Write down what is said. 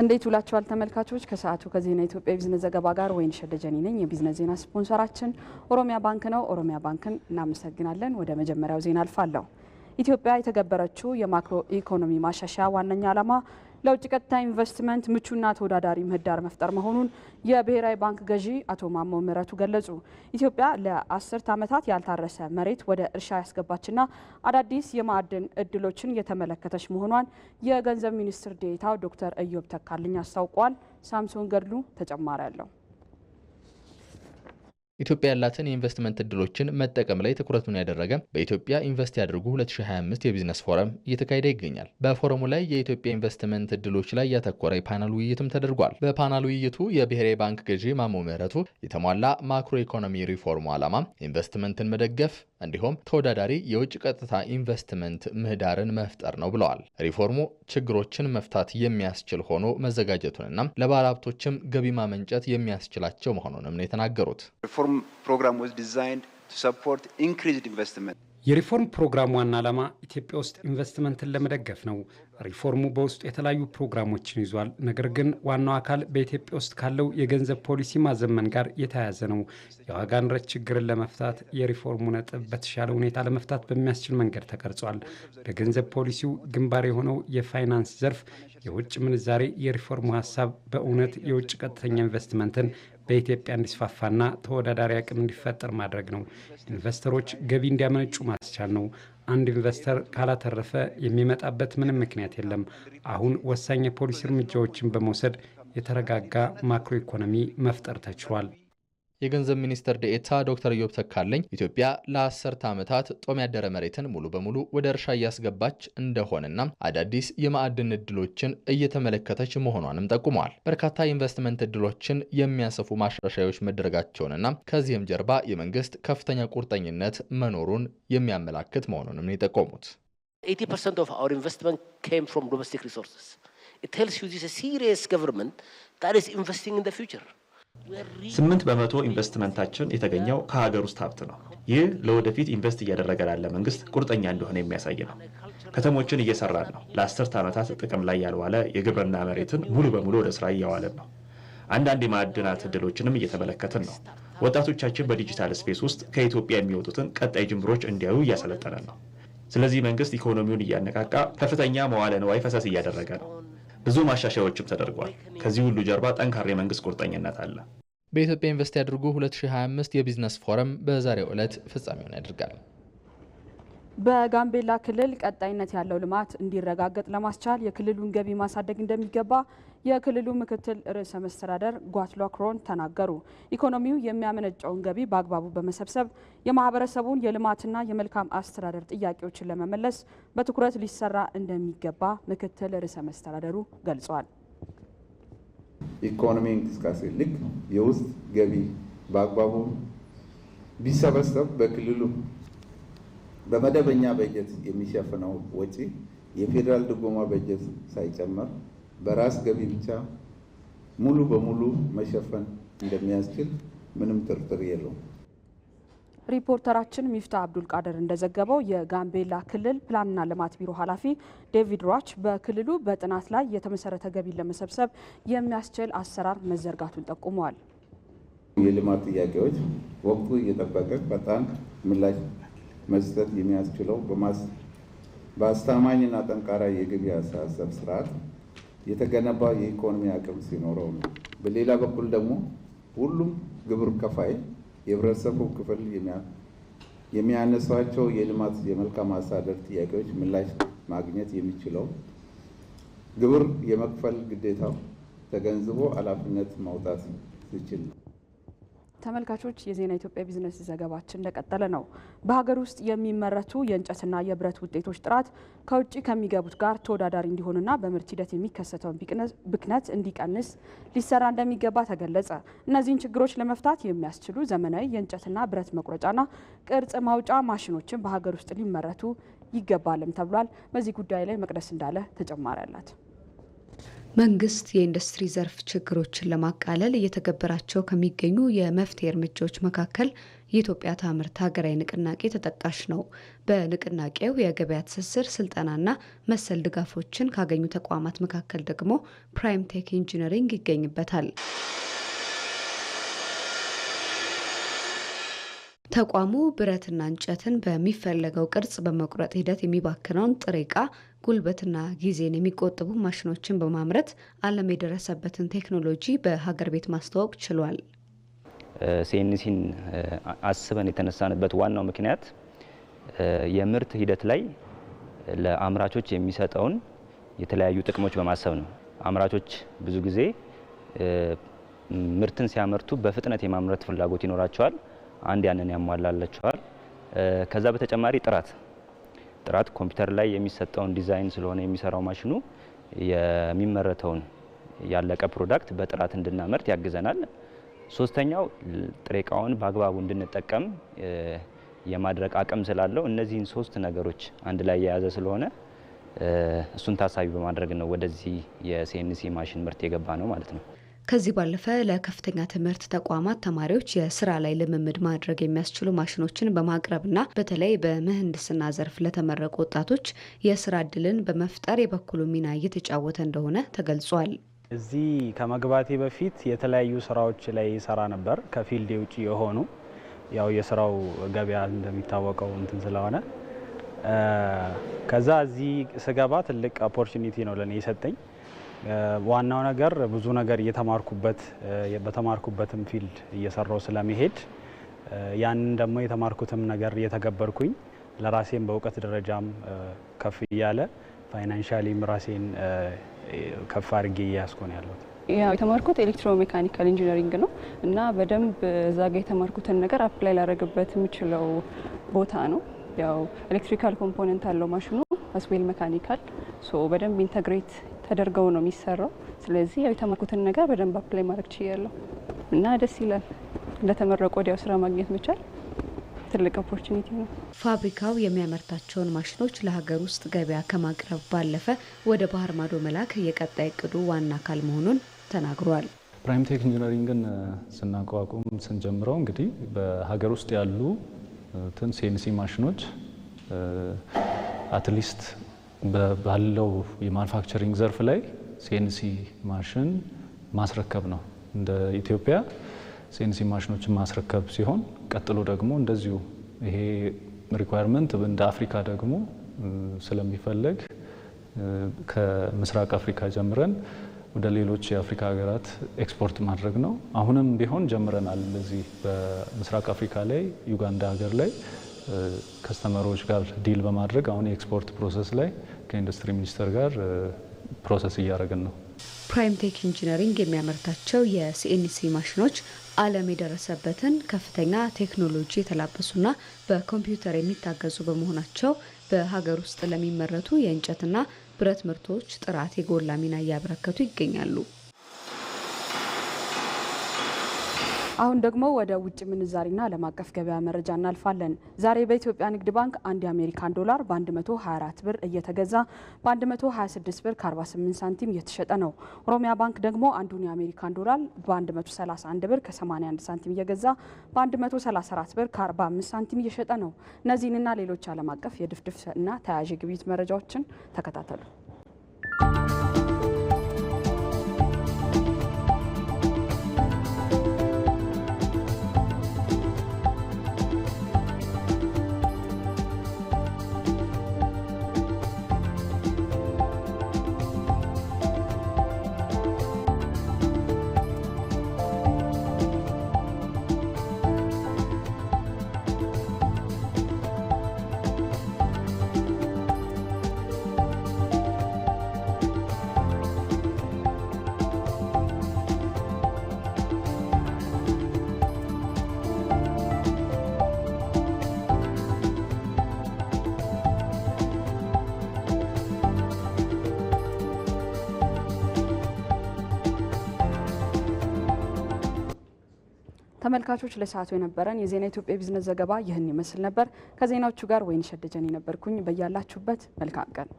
እንዴት ውላችኋል ተመልካቾች? ከሰዓቱ ከዜና ኢትዮጵያ ቢዝነስ ዘገባ ጋር ወይን ሸደጀኒ ነኝ። የቢዝነስ ዜና ስፖንሰራችን ኦሮሚያ ባንክ ነው። ኦሮሚያ ባንክን እናመሰግናለን። ወደ መጀመሪያው ዜና አልፋለሁ። ኢትዮጵያ የተገበረችው የማክሮ ኢኮኖሚ ማሻሻያ ዋነኛ ዓላማ ለውጭ ቀጥታ ኢንቨስትመንት ምቹና ተወዳዳሪ ምህዳር መፍጠር መሆኑን የብሔራዊ ባንክ ገዢ አቶ ማሞ ምህረቱ ገለጹ። ኢትዮጵያ ለአስርት ዓመታት ያልታረሰ መሬት ወደ እርሻ ያስገባችና አዳዲስ የማዕድን እድሎችን የተመለከተች መሆኗን የገንዘብ ሚኒስትር ዴኤታው ዶክተር እዮብ ተካልኝ አስታውቋል። ሳምሶን ገድሉ ተጨማሪ አለው። ኢትዮጵያ ያላትን የኢንቨስትመንት እድሎችን መጠቀም ላይ ትኩረቱን ያደረገ በኢትዮጵያ ኢንቨስት ያድርጉ 2025 የቢዝነስ ፎረም እየተካሄደ ይገኛል። በፎረሙ ላይ የኢትዮጵያ ኢንቨስትመንት እድሎች ላይ ያተኮረ የፓናል ውይይትም ተደርጓል። በፓናል ውይይቱ የብሔራዊ ባንክ ገዢ ማሞ ምህረቱ የተሟላ ማክሮ ኢኮኖሚ ሪፎርሙ ዓላማ ኢንቨስትመንትን መደገፍ እንዲሁም ተወዳዳሪ የውጭ ቀጥታ ኢንቨስትመንት ምህዳርን መፍጠር ነው ብለዋል። ሪፎርሙ ችግሮችን መፍታት የሚያስችል ሆኖ መዘጋጀቱንና ለባለሀብቶችም ገቢ ማመንጨት የሚያስችላቸው መሆኑንም ነው የተናገሩት። ሪፎርም ፕሮግራም የሪፎርም ፕሮግራም ዋና ዓላማ ኢትዮጵያ ውስጥ ኢንቨስትመንትን ለመደገፍ ነው። ሪፎርሙ በውስጡ የተለያዩ ፕሮግራሞችን ይዟል። ነገር ግን ዋናው አካል በኢትዮጵያ ውስጥ ካለው የገንዘብ ፖሊሲ ማዘመን ጋር የተያያዘ ነው። የዋጋ ንረት ችግርን ለመፍታት የሪፎርሙ ነጥብ በተሻለ ሁኔታ ለመፍታት በሚያስችል መንገድ ተቀርጿል። በገንዘብ ፖሊሲው ግንባር የሆነው የፋይናንስ ዘርፍ የውጭ ምንዛሬ የሪፎርሙ ሀሳብ በእውነት የውጭ ቀጥተኛ ኢንቨስትመንትን በኢትዮጵያ እንዲስፋፋና ተወዳዳሪ አቅም እንዲፈጠር ማድረግ ነው። ኢንቨስተሮች ገቢ እንዲያመነጩ ማስቻል ነው። አንድ ኢንቨስተር ካላተረፈ የሚመጣበት ምንም ምክንያት የለም። አሁን ወሳኝ የፖሊሲ እርምጃዎችን በመውሰድ የተረጋጋ ማክሮ ኢኮኖሚ መፍጠር ተችሏል። የገንዘብ ሚኒስትር ደኤታ ዶክተር ኢዮብ ተካልኝ ኢትዮጵያ ለአስርተ ዓመታት ጦም ያደረ መሬትን ሙሉ በሙሉ ወደ እርሻ እያስገባች እንደሆነና አዳዲስ የማዕድን እድሎችን እየተመለከተች መሆኗንም ጠቁመዋል። በርካታ ኢንቨስትመንት እድሎችን የሚያሰፉ ማሻሻያዎች መደረጋቸውንና ከዚህም ጀርባ የመንግስት ከፍተኛ ቁርጠኝነት መኖሩን የሚያመላክት መሆኑንም የጠቆሙት 80% of our investment came from domestic resources. It ስምንት በመቶ ኢንቨስትመንታችን የተገኘው ከሀገር ውስጥ ሀብት ነው። ይህ ለወደፊት ኢንቨስት እያደረገ ላለ መንግስት ቁርጠኛ እንደሆነ የሚያሳይ ነው። ከተሞችን እየሰራን ነው። ለአስርት ዓመታት ጥቅም ላይ ያልዋለ የግብርና መሬትን ሙሉ በሙሉ ወደ ስራ እያዋለን ነው። አንዳንድ የማዕድናት እድሎችንም እየተመለከትን ነው። ወጣቶቻችን በዲጂታል ስፔስ ውስጥ ከኢትዮጵያ የሚወጡትን ቀጣይ ጅምብሮች እንዲያዩ እያሰለጠነን ነው። ስለዚህ መንግስት ኢኮኖሚውን እያነቃቃ ከፍተኛ መዋለ ንዋይ ፈሰስ እያደረገ ነው። ብዙ ማሻሻያዎችም ተደርጓል። ከዚህ ሁሉ ጀርባ ጠንካራ የመንግስት ቁርጠኝነት አለ። በኢትዮጵያ ኢንቨስት ያድርጉ 2025 የቢዝነስ ፎረም በዛሬው ዕለት ፍጻሜውን ያደርጋል። በጋምቤላ ክልል ቀጣይነት ያለው ልማት እንዲረጋገጥ ለማስቻል የክልሉን ገቢ ማሳደግ እንደሚገባ የክልሉ ምክትል ርዕሰ መስተዳደር ጓትሎ ክሮን ተናገሩ። ኢኮኖሚው የሚያመነጨውን ገቢ በአግባቡ በመሰብሰብ የማህበረሰቡን የልማትና የመልካም አስተዳደር ጥያቄዎችን ለመመለስ በትኩረት ሊሰራ እንደሚገባ ምክትል ርዕሰ መስተዳደሩ ገልጿል። ኢኮኖሚ እንቅስቃሴ ልክ የውስጥ ገቢ በአግባቡ ቢሰበሰብ በክልሉ በመደበኛ በጀት የሚሸፍነው ወጪ የፌዴራል ድጎማ በጀት ሳይጨምር በራስ ገቢ ብቻ ሙሉ በሙሉ መሸፈን እንደሚያስችል ምንም ጥርጥር የለውም። ሪፖርተራችን ሚፍታ አብዱል ቃድር እንደዘገበው የጋምቤላ ክልል ፕላንና ልማት ቢሮ ኃላፊ ዴቪድ ሯች በክልሉ በጥናት ላይ የተመሰረተ ገቢን ለመሰብሰብ የሚያስችል አሰራር መዘርጋቱን ጠቁመዋል። የልማት ጥያቄዎች ወቅቱ እየጠበቀ በጣም ምላሽ መስጠት የሚያስችለው በአስተማኝና ጠንካራ የገበያ አስተሳሰብ ስርዓት የተገነባ የኢኮኖሚ አቅም ሲኖረው ነው። በሌላ በኩል ደግሞ ሁሉም ግብር ከፋይ የህብረተሰቡ ክፍል የሚያነሷቸው የልማት የመልካም አስተዳደር ጥያቄዎች ምላሽ ማግኘት የሚችለው ግብር የመክፈል ግዴታው ተገንዝቦ ኃላፊነት ማውጣት ሲችል ነው። ተመልካቾች የዜና ኢትዮጵያ ቢዝነስ ዘገባችን እንደቀጠለ ነው። በሀገር ውስጥ የሚመረቱ የእንጨትና የብረት ውጤቶች ጥራት ከውጭ ከሚገቡት ጋር ተወዳዳሪ እንዲሆንና በምርት ሂደት የሚከሰተውን ብክነት እንዲቀንስ ሊሰራ እንደሚገባ ተገለጸ። እነዚህን ችግሮች ለመፍታት የሚያስችሉ ዘመናዊ የእንጨትና ብረት መቁረጫና ቅርጽ ማውጫ ማሽኖችን በሀገር ውስጥ ሊመረቱ ይገባልም ተብሏል። በዚህ ጉዳይ ላይ መቅደስ እንዳለ ተጨማሪ አላት። መንግስት የኢንዱስትሪ ዘርፍ ችግሮችን ለማቃለል እየተገበራቸው ከሚገኙ የመፍትሄ እርምጃዎች መካከል የኢትዮጵያ ታምርት ሀገራዊ ንቅናቄ ተጠቃሽ ነው። በንቅናቄው የገበያ ትስስር ስልጠናና መሰል ድጋፎችን ካገኙ ተቋማት መካከል ደግሞ ፕራይም ቴክ ኢንጂነሪንግ ይገኝበታል። ተቋሙ ብረትና እንጨትን በሚፈለገው ቅርጽ በመቁረጥ ሂደት የሚባክነውን ጥሬ ዕቃ ጉልበትና ጊዜን የሚቆጥቡ ማሽኖችን በማምረት ዓለም የደረሰበትን ቴክኖሎጂ በሀገር ቤት ማስተዋወቅ ችሏል። ሲኤንሲን አስበን የተነሳንበት ዋናው ምክንያት የምርት ሂደት ላይ ለአምራቾች የሚሰጠውን የተለያዩ ጥቅሞች በማሰብ ነው። አምራቾች ብዙ ጊዜ ምርትን ሲያመርቱ በፍጥነት የማምረት ፍላጎት ይኖራቸዋል። አንድ ያንን ያሟላላቸዋል። ከዛ በተጨማሪ ጥራት ጥራት ኮምፒውተር ላይ የሚሰጠውን ዲዛይን ስለሆነ የሚሰራው ማሽኑ የሚመረተውን ያለቀ ፕሮዳክት በጥራት እንድናመርት ያግዘናል። ሶስተኛው ጥሬ እቃውን በአግባቡ እንድንጠቀም የማድረግ አቅም ስላለው እነዚህን ሶስት ነገሮች አንድ ላይ የያዘ ስለሆነ እሱን ታሳቢ በማድረግ ነው ወደዚህ የሲኤንሲ ማሽን ምርት የገባ ነው ማለት ነው። ከዚህ ባለፈ ለከፍተኛ ትምህርት ተቋማት ተማሪዎች የስራ ላይ ልምምድ ማድረግ የሚያስችሉ ማሽኖችን በማቅረብና በተለይ በምህንድስና ዘርፍ ለተመረቁ ወጣቶች የስራ እድልን በመፍጠር የበኩሉ ሚና እየተጫወተ እንደሆነ ተገልጿል። እዚህ ከመግባቴ በፊት የተለያዩ ስራዎች ላይ ይሰራ ነበር፣ ከፊልድ ውጭ የሆኑ ያው የስራው ገበያ እንደሚታወቀው እንትን ስለሆነ ከዛ እዚህ ስገባ ትልቅ ኦፖርቹኒቲ ነው ለእኔ የሰጠኝ ዋናው ነገር ብዙ ነገር እየተማርኩበት በተማርኩበትም ፊልድ እየሰራው ስለመሄድ ያንን ደግሞ የተማርኩትም ነገር እየተገበርኩኝ ለራሴም በእውቀት ደረጃም ከፍ እያለ ፋይናንሻሊም ራሴን ከፍ አድርጌ እያያዝኩ ነው ያለሁት። የተማርኩት ኤሌክትሮሜካኒካል ኢንጂነሪንግ ነው እና በደንብ እዛ ጋ የተማርኩትን ነገር አፕላይ ላደረግበት የምችለው ቦታ ነው። ያው ኤሌክትሪካል ኮምፖነንት አለው ማሽኑ አስዌል ሜካኒካል ሶ በደንብ ኢንተግሬት ተደርገው ነው የሚሰራው። ስለዚህ ያው የተማርኩትን ነገር በደንብ አፕላይ ማድረግ ችያለሁ እና ደስ ይላል። እንደተመረቁ ወዲያው ስራ ማግኘት መቻል ትልቅ ኦፖርቹኒቲ ነው። ፋብሪካው የሚያመርታቸውን ማሽኖች ለሀገር ውስጥ ገበያ ከማቅረብ ባለፈ ወደ ባህር ማዶ መላክ የቀጣይ እቅዱ ዋና አካል መሆኑን ተናግሯል። ፕራይም ቴክ ኢንጂነሪንግን ስናቋቁም ስንጀምረው እንግዲህ በሀገር ውስጥ ያሉትን ሴንሲ ማሽኖች አትሊስት ባለው የማኑፋክቸሪንግ ዘርፍ ላይ ሲኤንሲ ማሽን ማስረከብ ነው። እንደ ኢትዮጵያ ሲኤንሲ ማሽኖችን ማስረከብ ሲሆን ቀጥሎ ደግሞ እንደዚሁ ይሄ ሪኳየርመንት እንደ አፍሪካ ደግሞ ስለሚፈለግ ከምስራቅ አፍሪካ ጀምረን ወደ ሌሎች የአፍሪካ ሀገራት ኤክስፖርት ማድረግ ነው። አሁንም ቢሆን ጀምረናል። እዚህ በምስራቅ አፍሪካ ላይ ዩጋንዳ ሀገር ላይ ከስተመሮች ጋር ዲል በማድረግ አሁን የኤክስፖርት ፕሮሰስ ላይ ከኢንዱስትሪ ሚኒስቴር ጋር ፕሮሰስ እያደረግን ነው። ፕራይም ቴክ ኢንጂነሪንግ የሚያመርታቸው የሲኤንሲ ማሽኖች ዓለም የደረሰበትን ከፍተኛ ቴክኖሎጂ የተላበሱና በኮምፒውተር የሚታገዙ በመሆናቸው በሀገር ውስጥ ለሚመረቱ የእንጨትና ብረት ምርቶች ጥራት የጎላ ሚና እያበረከቱ ይገኛሉ። አሁን ደግሞ ወደ ውጭ ምንዛሪና ዓለም አቀፍ ገበያ መረጃ እናልፋለን። ዛሬ በኢትዮጵያ ንግድ ባንክ አንድ የአሜሪካን ዶላር በ124 ብር እየተገዛ በ126 ብር ከ48 ሳንቲም እየተሸጠ ነው። ኦሮሚያ ባንክ ደግሞ አንዱን የአሜሪካን ዶላር በ131 ብር ከ81 ሳንቲም እየገዛ በ134 ብር ከ45 ሳንቲም እየሸጠ ነው። እነዚህንና ሌሎች ዓለም አቀፍ የድፍድፍ እና ተያያዥ ግብይት መረጃዎችን ተከታተሉ። ተመልካቾች ለሰዓቱ የነበረን የዜና ኢትዮጵያ ቢዝነስ ዘገባ ይህን ይመስል ነበር። ከዜናዎቹ ጋር ወይን ሸደጀን የነበርኩኝ። በያላችሁበት መልካም ቀን